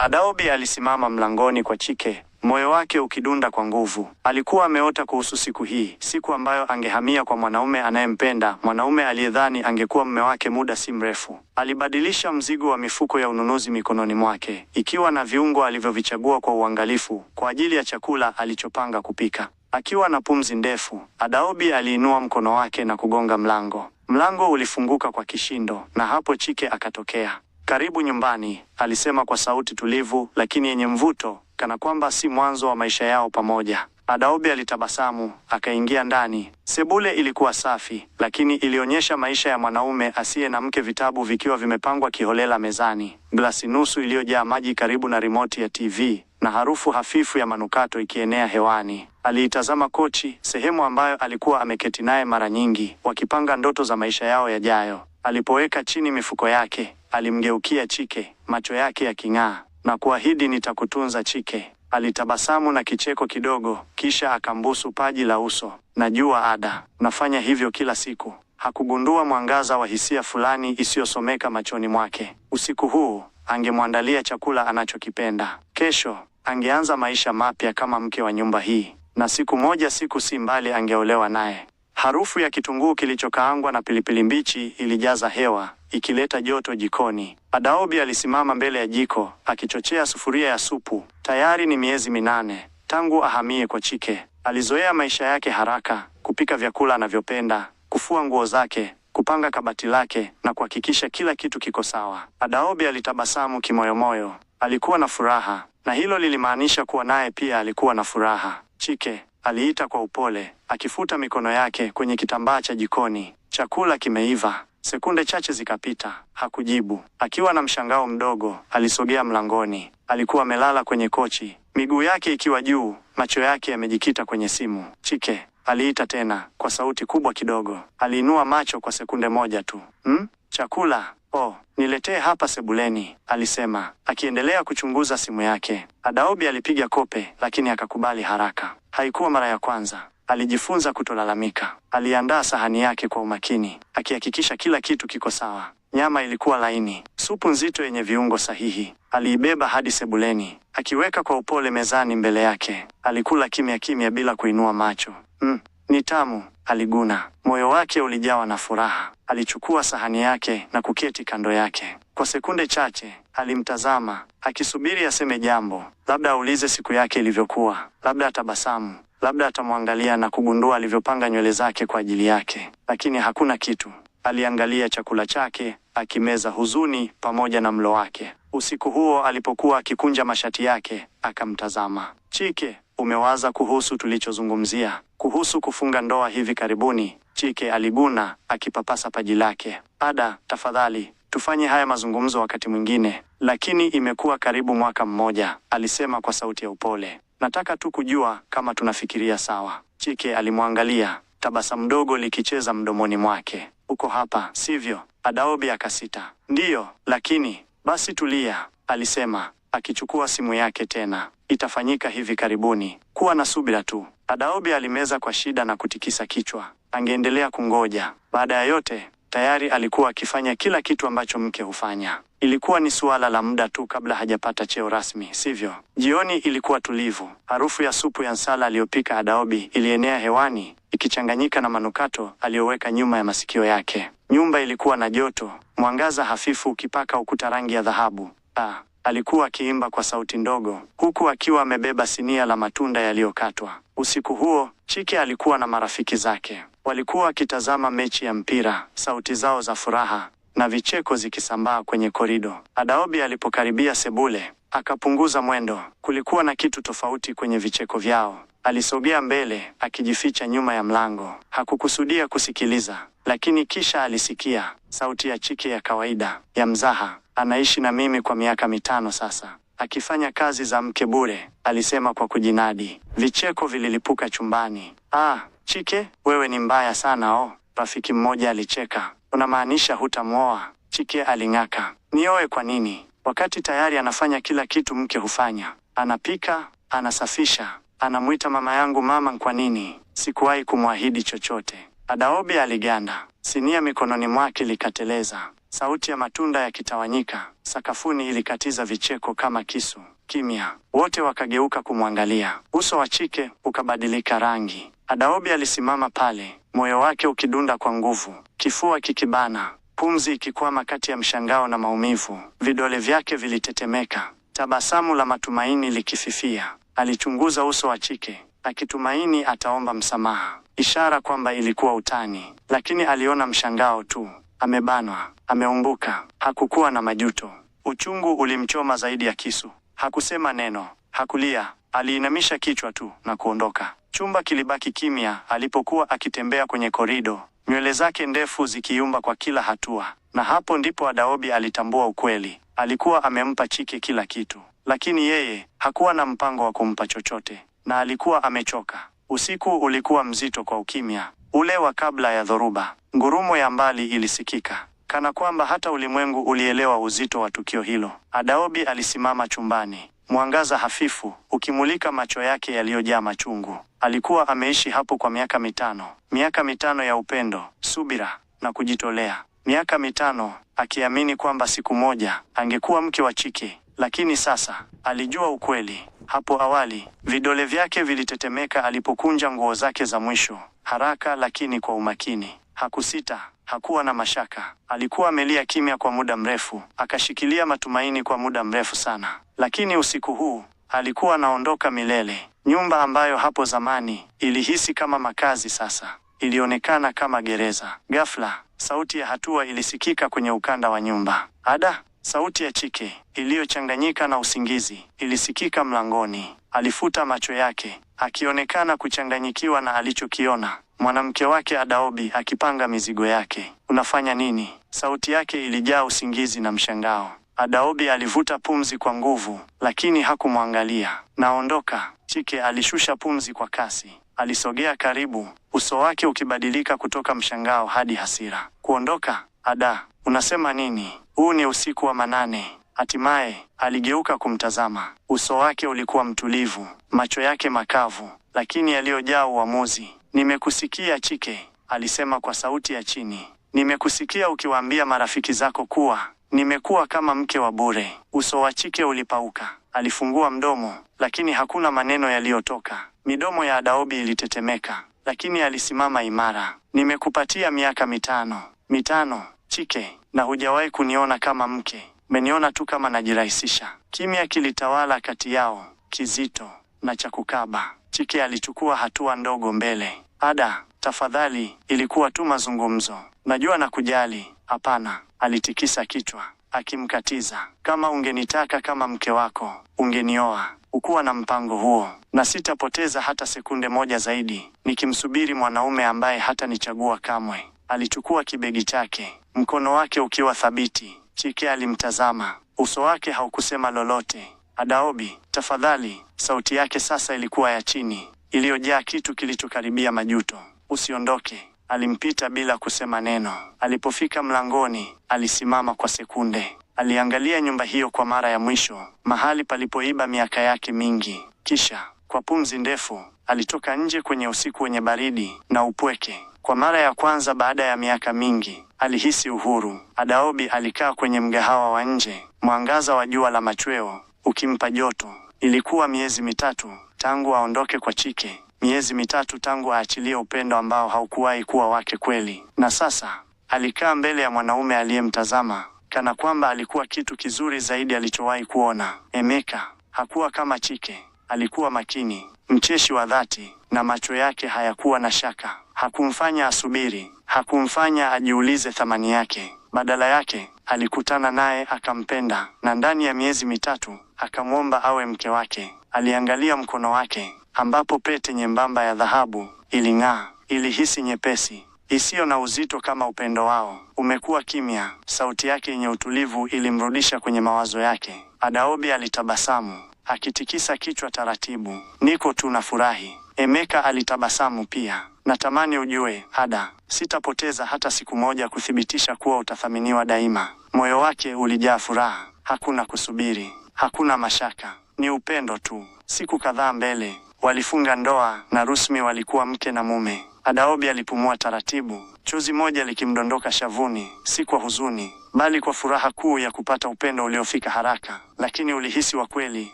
Adaobi alisimama mlangoni kwa Chike, moyo wake ukidunda kwa nguvu. Alikuwa ameota kuhusu siku hii, siku ambayo angehamia kwa mwanaume anayempenda, mwanaume aliyedhani angekuwa mume wake muda si mrefu. Alibadilisha mzigo wa mifuko ya ununuzi mikononi mwake, ikiwa na viungo alivyovichagua kwa uangalifu kwa ajili ya chakula alichopanga kupika. Akiwa na pumzi ndefu, Adaobi aliinua mkono wake na kugonga mlango. Mlango ulifunguka kwa kishindo, na hapo Chike akatokea. Karibu nyumbani, alisema kwa sauti tulivu lakini yenye mvuto, kana kwamba si mwanzo wa maisha yao pamoja. Adaobe alitabasamu, akaingia ndani. Sebule ilikuwa safi, lakini ilionyesha maisha ya mwanaume asiye na mke, vitabu vikiwa vimepangwa kiholela mezani, glasi nusu iliyojaa maji karibu na rimoti ya TV na harufu hafifu ya manukato ikienea hewani. Aliitazama kochi, sehemu ambayo alikuwa ameketi naye mara nyingi, wakipanga ndoto za maisha yao yajayo. Alipoweka chini mifuko yake, Alimgeukia Chike, macho yake yaking'aa, na kuahidi nitakutunza Chike. Alitabasamu na kicheko kidogo, kisha akambusu paji la uso. Najua Ada, nafanya hivyo kila siku. Hakugundua mwangaza wa hisia fulani isiyosomeka machoni mwake. Usiku huu angemwandalia chakula anachokipenda. Kesho angeanza maisha mapya kama mke wa nyumba hii, na siku moja, siku si mbali, angeolewa naye. Harufu ya kitunguu kilichokaangwa na pilipili mbichi ilijaza hewa, ikileta joto jikoni. Adaobi alisimama mbele ya jiko akichochea sufuria ya supu. Tayari ni miezi minane tangu ahamie kwa chike Alizoea maisha yake haraka, kupika vyakula anavyopenda, kufua nguo zake, kupanga kabati lake na kuhakikisha kila kitu kiko sawa. Adaobi alitabasamu kimoyomoyo. Alikuwa na furaha, na hilo lilimaanisha kuwa naye pia alikuwa na furaha. Chike, aliita kwa upole akifuta mikono yake kwenye kitambaa cha jikoni. Chakula kimeiva. Sekunde chache zikapita, hakujibu. Akiwa na mshangao mdogo, alisogea mlangoni. Alikuwa amelala kwenye kochi, miguu yake ikiwa juu, macho yake yamejikita kwenye simu. Chike, aliita tena kwa sauti kubwa kidogo. Aliinua macho kwa sekunde moja tu. Hmm? Chakula? Oh, niletee hapa sebuleni, alisema akiendelea kuchunguza simu yake. Adaobi alipiga kope, lakini akakubali haraka. Haikuwa mara ya kwanza. Alijifunza kutolalamika. Aliandaa sahani yake kwa umakini, akihakikisha kila kitu kiko sawa. Nyama ilikuwa laini, supu nzito yenye viungo sahihi. Aliibeba hadi sebuleni, akiweka kwa upole mezani mbele yake. Alikula kimya kimya, bila kuinua macho. Mm, ni tamu, aliguna. Moyo wake ulijawa na furaha. Alichukua sahani yake na kuketi kando yake. Kwa sekunde chache alimtazama, akisubiri aseme jambo, labda aulize siku yake ilivyokuwa, labda atabasamu. Labda atamwangalia na kugundua alivyopanga nywele zake kwa ajili yake, lakini hakuna kitu. Aliangalia chakula chake akimeza huzuni pamoja na mlo wake. Usiku huo alipokuwa akikunja mashati yake, akamtazama Chike. Umewaza kuhusu tulichozungumzia kuhusu kufunga ndoa hivi karibuni? Chike aliguna akipapasa paji lake. Ada, tafadhali tufanye haya mazungumzo wakati mwingine, lakini imekuwa karibu mwaka mmoja, alisema kwa sauti ya upole. Nataka tu kujua kama tunafikiria sawa. Chike alimwangalia, tabasamu dogo likicheza mdomoni mwake. Uko hapa, sivyo? Adaobi akasita. Ndiyo, lakini basi tulia, alisema akichukua simu yake tena. Itafanyika hivi karibuni, kuwa na subira tu. Adaobi alimeza kwa shida na kutikisa kichwa. Angeendelea kungoja. Baada ya yote, tayari alikuwa akifanya kila kitu ambacho mke hufanya. Ilikuwa ni suala la muda tu kabla hajapata cheo rasmi, sivyo? Jioni ilikuwa tulivu. Harufu ya supu ya nsala aliyopika Adaobi ilienea hewani, ikichanganyika na manukato aliyoweka nyuma ya masikio yake. Nyumba ilikuwa na joto, mwangaza hafifu ukipaka ukuta rangi ya dhahabu. Ah, alikuwa akiimba kwa sauti ndogo, huku akiwa amebeba sinia la matunda yaliyokatwa. Usiku huo Chike alikuwa na marafiki zake, walikuwa wakitazama mechi ya mpira, sauti zao za furaha na vicheko zikisambaa kwenye korido. Adaobi alipokaribia sebule akapunguza mwendo. Kulikuwa na kitu tofauti kwenye vicheko vyao. Alisogea mbele akijificha nyuma ya mlango. Hakukusudia kusikiliza, lakini kisha alisikia sauti ya Chike ya kawaida ya mzaha. Anaishi na mimi kwa miaka mitano sasa, akifanya kazi za mke bure, alisema kwa kujinadi. Vicheko vililipuka chumbani. Ah, Chike wewe ni mbaya sana. Oh, rafiki mmoja alicheka. Unamaanisha hutamwoa? Chike aling'aka. Nioe kwa nini, wakati tayari anafanya kila kitu mke hufanya? Anapika, anasafisha, anamwita mama yangu mama. Kwa nini? Sikuwahi kumwahidi chochote. Adaobi aliganda, sinia mikononi mwake likateleza, sauti ya matunda yakitawanyika sakafuni ilikatiza vicheko kama kisu. Kimya, wote wakageuka kumwangalia. Uso wa Chike ukabadilika rangi. Adaobi alisimama pale, moyo wake ukidunda kwa nguvu kifua kikibana, pumzi ikikwama kati ya mshangao na maumivu, vidole vyake vilitetemeka, tabasamu la matumaini likififia. Alichunguza uso wa Chike akitumaini ataomba msamaha, ishara kwamba ilikuwa utani, lakini aliona mshangao tu. Amebanwa, ameumbuka, hakukuwa na majuto. Uchungu ulimchoma zaidi ya kisu. Hakusema neno, hakulia, aliinamisha kichwa tu na kuondoka. Chumba kilibaki kimya alipokuwa akitembea kwenye korido, nywele zake ndefu zikiumba kwa kila hatua. Na hapo ndipo Adaobi alitambua ukweli. Alikuwa amempa Chike kila kitu, lakini yeye hakuwa na mpango wa kumpa chochote, na alikuwa amechoka. Usiku ulikuwa mzito kwa ukimya ule wa kabla ya dhoruba. Ngurumo ya mbali ilisikika kana kwamba hata ulimwengu ulielewa uzito wa tukio hilo. Adaobi alisimama chumbani, mwangaza hafifu ukimulika macho yake yaliyojaa machungu. Alikuwa ameishi hapo kwa miaka mitano, miaka mitano ya upendo, subira na kujitolea, miaka mitano akiamini kwamba siku moja angekuwa mke wa Chiki. Lakini sasa alijua ukweli. Hapo awali vidole vyake vilitetemeka alipokunja nguo zake za mwisho, haraka lakini kwa umakini. Hakusita, hakuwa na mashaka. Alikuwa amelia kimya kwa muda mrefu, akashikilia matumaini kwa muda mrefu sana, lakini usiku huu alikuwa anaondoka milele. Nyumba ambayo hapo zamani ilihisi kama makazi sasa ilionekana kama gereza. Ghafla, sauti ya hatua ilisikika kwenye ukanda wa nyumba. Ada, sauti ya Chike iliyochanganyika na usingizi ilisikika mlangoni. Alifuta macho yake, akionekana kuchanganyikiwa na alichokiona. Mwanamke wake Adaobi akipanga mizigo yake. Unafanya nini? Sauti yake ilijaa usingizi na mshangao. Adaobi alivuta pumzi kwa nguvu, lakini hakumwangalia. Naondoka. Chike alishusha pumzi kwa kasi, alisogea karibu, uso wake ukibadilika kutoka mshangao hadi hasira. Kuondoka? Ada, unasema nini? Huu ni usiku wa manane. Hatimaye aligeuka kumtazama. Uso wake ulikuwa mtulivu, macho yake makavu, lakini yaliyojaa uamuzi. Nimekusikia Chike, alisema kwa sauti ya chini. Nimekusikia ukiwaambia marafiki zako kuwa Nimekuwa kama mke wa bure. Uso wa Chike ulipauka. Alifungua mdomo, lakini hakuna maneno yaliyotoka. Midomo ya Adaobi ilitetemeka, lakini alisimama imara. Nimekupatia miaka mitano, mitano Chike, na hujawahi kuniona kama mke, umeniona tu kama najirahisisha. Kimya kilitawala kati yao, kizito na cha kukaba. Chike alichukua hatua ndogo mbele. Ada, tafadhali, ilikuwa tu mazungumzo najua na kujali. Hapana, alitikisa kichwa akimkatiza. Kama ungenitaka kama mke wako, ungenioa ukuwa na mpango huo, na sitapoteza hata sekunde moja zaidi nikimsubiri mwanaume ambaye hatanichagua kamwe. Alichukua kibegi chake, mkono wake ukiwa thabiti. Chike alimtazama, uso wake haukusema lolote. Adaobi, tafadhali. Sauti yake sasa ilikuwa ya chini, iliyojaa kitu kilichokaribia majuto. Usiondoke. Alimpita bila kusema neno. Alipofika mlangoni, alisimama kwa sekunde. Aliangalia nyumba hiyo kwa mara ya mwisho, mahali palipoiba miaka yake mingi. Kisha kwa pumzi ndefu alitoka nje kwenye usiku wenye baridi na upweke. Kwa mara ya kwanza baada ya miaka mingi alihisi uhuru. Adaobi alikaa kwenye mgahawa wa nje, mwangaza wa jua la machweo ukimpa joto. Ilikuwa miezi mitatu tangu aondoke kwa Chike miezi mitatu tangu aachilie upendo ambao haukuwahi kuwa wake kweli, na sasa alikaa mbele ya mwanaume aliyemtazama kana kwamba alikuwa kitu kizuri zaidi alichowahi kuona. Emeka hakuwa kama Chike, alikuwa makini, mcheshi wa dhati, na macho yake hayakuwa na shaka. Hakumfanya asubiri, hakumfanya ajiulize thamani yake. Badala yake alikutana naye, akampenda, na ndani ya miezi mitatu akamwomba awe mke wake. Aliangalia mkono wake ambapo pete nyembamba ya dhahabu iling'aa, ilihisi nyepesi isiyo na uzito kama upendo wao. Umekuwa kimya. Sauti yake yenye utulivu ilimrudisha kwenye mawazo yake. Adaobi alitabasamu akitikisa kichwa taratibu. Niko tu na furahi Emeka alitabasamu pia. Natamani ujue Ada, sitapoteza hata siku moja kuthibitisha kuwa utathaminiwa daima. Moyo wake ulijaa furaha. Hakuna kusubiri, hakuna mashaka, ni upendo tu. Siku kadhaa mbele Walifunga ndoa na Rusmi walikuwa mke na mume. Adaobi alipumua taratibu, chozi moja likimdondoka shavuni, si kwa huzuni, bali kwa furaha kuu ya kupata upendo uliofika haraka, lakini ulihisi wa kweli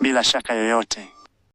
bila shaka yoyote.